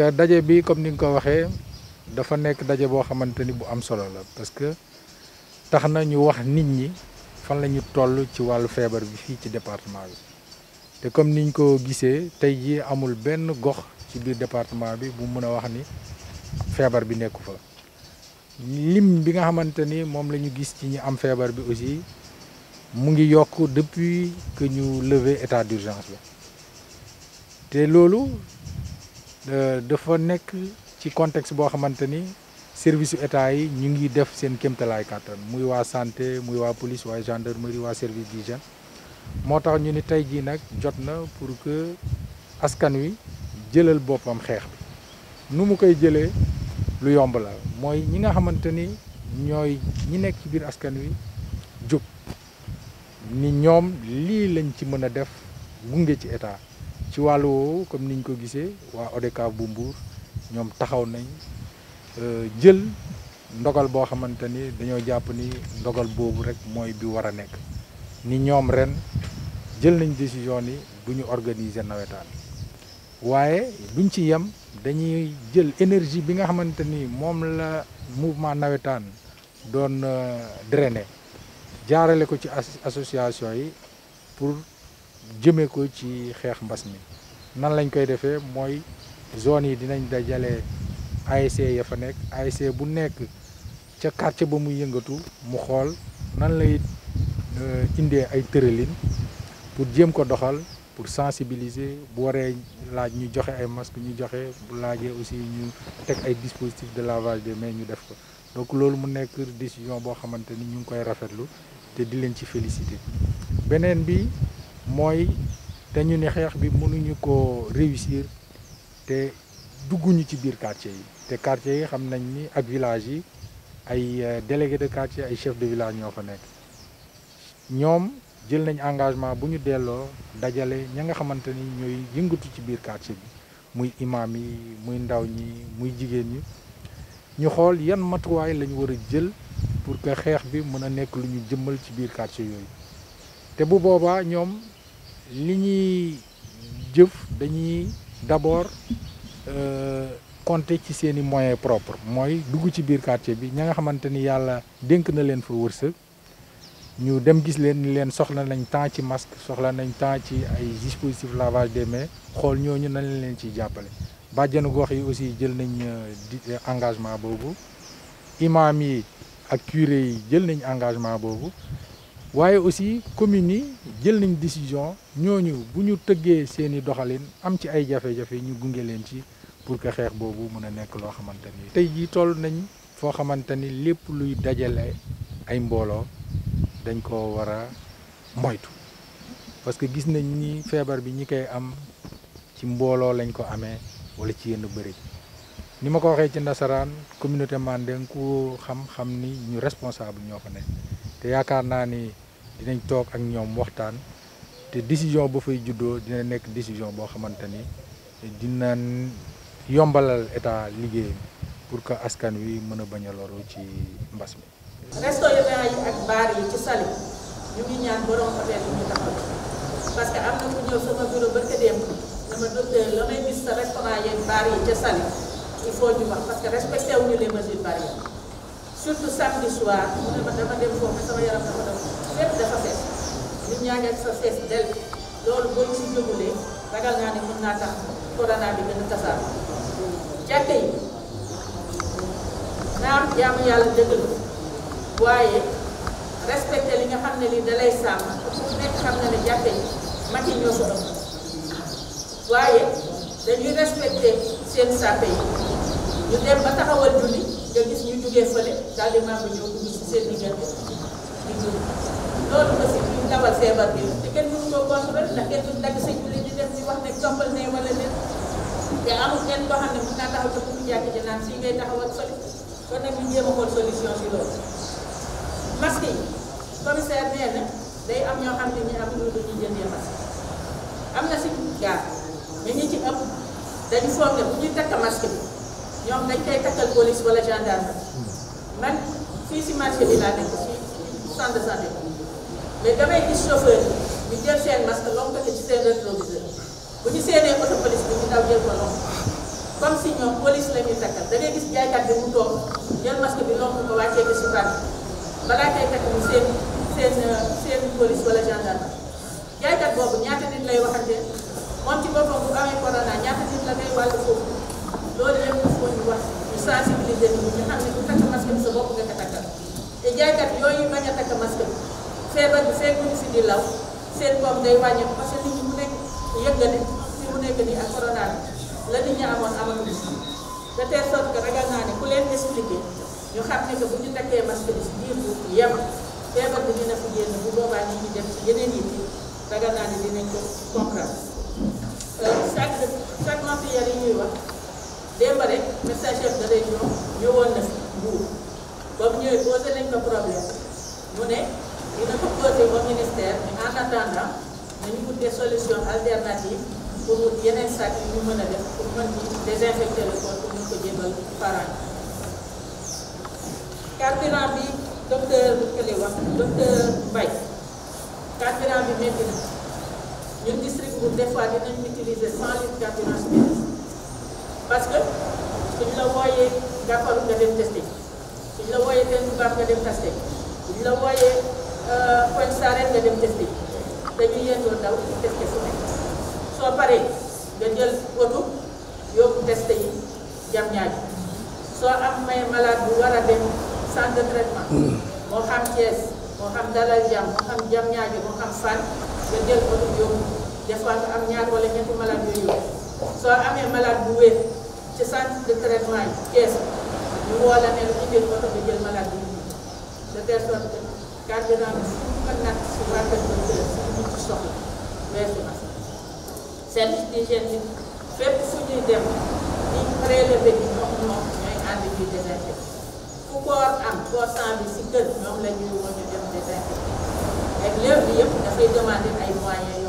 Euh, daje bi comme ni nga ko waxee dafa nekk daje boo xamante ni bu am solo la parce que tax na ñu wax nit ñi fan la ñu toll ci wàllu feebar bi fii ci département bi te comme niñ ko gisee tey jii amul benn gox ci biir département bi bu mën a wax ni feebar bi nekku fa lim bi nga xamante ni moom la ñu gis ci ñi am feebar bi aussi mu ngi yokk depuis que ñu levé état d'urgence la te loolu Euh, dafa nekk ci contexte boo xamante ni service yu état yi ñu ngi def seen kéemtalaay kàttan muy waa santé muy waa police waa gendarmerie waa service d'hygiène moo tax ñu ni tey jii nag jot na pour que askan wi jëlal boppam xeex bi nu mu koy jëlee lu yomb la mooy ñi nga xamante ni ñooy ñi nekk ci biir askan wi jóg ni ñoom lii lañ ci mën a def gunge ci état ci wàllu woowu comme niñ ko gisee waa ODCAV bu mbuur ñoom taxaw nañ euh, jël ndogal boo xamante ni dañoo jàpp ni ndogal boobu rek mooy bi war a nekk ni ñoom ren jël nañ décision yi bu ñu organiser nawetaan waaye duñ ci yem dañuy jël énergie bi nga xamante ni moom la mouvement nawetaan doon euh, drainer jaarale ko ci association yi jëmee ko ci xex mbass mi nan lañ koy defee moy zone yi dinañ dajalé ASC ya fa nek ASC bu nek ci quartier bu muy yëngatu mu xol nan lay euh, indé ay tereline pour jéem ko doxal pour sensibiliser bu waree laaj ñu joxé ay masque ñu joxé bu laajee aussi ñu tek ay dispositifs de lavage des mains ñu def ko donc loolu mu nek décision bo xamante ñu ngi koy rafetlu té di leen ci féliciter benen bi. mooy dañu ni xeex bi mënuñu ko réussir te dugguñu ci biir quartier yi te quartier yi xam nañ ni ak village yi ay euh, délégué de quartier ay chef de village ñoo fa nekk ñoom jël nañ engagement bu ñu delloo dajale ña nga xamante ni ñooy yëngatu ci biir quartier bi muy imaam yi muy ndaw ñi muy jigéen ñi ñu xool yan matuwaay lañu war a jël pour que xeex bi mën a nekk lu ñu jëmmal ci biir quartier yooyu te bu boobaa ñoom li ñuy jëf dañuy d'abord euh, compter ci seen i moyens propres mooy dugg ci biir quartier bi ña nga xamante ni yàlla dénk na leen fa wërsëg ñu dem gis leen leen soxla nañ temps ci masque soxla nañ temps ci ay dispositifs lavage de mais xool ñoo ñu na leen ci jàppale. bàjjenu gox yi aussi jël nañ euh, engagement boobu imam yi ak curé yi jël nañ engagement boobu waaye aussi communes yi jël nañ décision ñooñu bu ñu tëggee seeni doxalin am ci ay jafe-jafe ñu gunge leen ci pour que xeex boobu mën a nekk loo xamante ni tey jii toll nañ foo xamante ni lépp luy dajale ay mbooloo dañ ko war a moytu parce que gis nañ ni feebar bi ñi koy am ci mbooloo lañ ko amee wala ci yenn bëri ni ma ko waxee ci nasaraan communauté Mandeng ku xam-xam ni ñu responsable ñoo fa nekk te yaakaar naa ni dinañ toog ak ñoom waxtaan te décision ba fay juddoo dina nekk décision boo xamante ni dina yombalal état liggéey pour que askan wi mën a bañ a loru ci mbas mi. resto yi ak baar yi ca Saly il faut parce que respecté wuñu les mesures barrières surtout soir mu ne ma dama dem foofu sama yaram dafa doon. fépp dafa fees nit ñaa ngi fa fees loolu boo ci jógulee ragal naa ne mën naa tax corona bi gën a tasaar jàkka yi naam jaamu yàlla dëgg la waaye respecté li nga xam ne lii dalay sàmm su nekk xam ne jàkka yi yi ñoo ko waaye dañuy respecté seen sàppe yi ñu dem ba taxawal julli nga gis ñu jugee fële daal di membre ñoo ko gis seen diggante di julli loolu aussi ñu dabal feebar bi te kenn mënu koo contrôler ndax kenn duñ dagg sa julli di def di wax ne jombal ne wala ne te amul kenn koo xam ne mën naa taxaw ci bu jàkk ji naan fii ngay taxawal soli kon nag ñu a xool day am ñoo xam ne am jëndee masque am na si gaar mais ñi ci ëpp dañu foog ne bu ñuy takk masque bi ñoom dañ koy takkal police wala gendarme man fii si marché bi laa nekk si centre de santé mais damay gis chauffeur yi ñu jël seen masque lonk ko ci seen rétroviseur bu ñu seenee auto police bi ñu daw jël ko lonk comme si ñoom police la ñuy takkal gis jaaykat bi mu toog jël masque bi lonk ko wàccee ko si bànq balaa jaaykat bi seen seen seen police wala gendarme jaaykat boobu ñaata nit lay waxante moom ci boppam bu amee corona ñaata nit la koy wàll foofu loolu yëpp il faut ñu wax ñu sensibiliser nit ñi ñu xam ne ku takk a feebar bi seen mën si di law seen koom day wàññeeku parce que nit ñi mu nekk yëg nga ne si mu nekk nii ak corona bi la nit ñi amoon amatuñu si de telle sorte que ragal naa ne ku leen expliqué ñu xam ne que bu ñu takkee masque si diir bu yem feebar bi dina fi génn bu boobaa nit ñi dem ci yeneen yi ragal naa ne dinañ ko comprendre euh, chaque chaque mentuelle yi ñuy wax démb rek messager de région ñëwoon na fi Mbour ba mu ñëwee posé nañ ko problème mu ne. dina ko poser au ministère mais en nañu ut des solutions alternatives yeneen sac yu ñu mën a def pour mën di désinfecter le ko jébal parent carburant bi docteur Kële wax docteur Mbaye carburant bi métti na ñun district bu des fois dinañ utiliser 100 litres carburant parce que suñ la wooyee gàppalu nga dem testé suñ la wooyee teen baax nga dem testé suñ la wooyee Euh, poñ saareen nga dem testé dañuy yendoo daw testé su nekk soo paree nga jël oto yóbbu testé yi jam ñaaju soo am may malade bu war a dem centre de traitement mm. moo xam Thiès moo xam Dalal Jàmm moo xam jam ñaaju moo xam Fann nga jël oto yóbbu des fois nga am ñaar wala ñetti malade yooyu yóbbu soo amee malade bu wér ci centre de traitement yi Thiès ñu woo la ne la indil oto nga jël malade bi de telle carburant bi fu ko natt si vingt-quatre heures si ñu soxla weesu na sax service d'hygiène bi fu ñuy dem di bi ñoom ñoom ñooy ànd ñuy désinfecté fu koor am koor sang bi si kër ñoom la ñuy woo ñu dem désinfecté ak léegi yëpp dafay demander ay moyens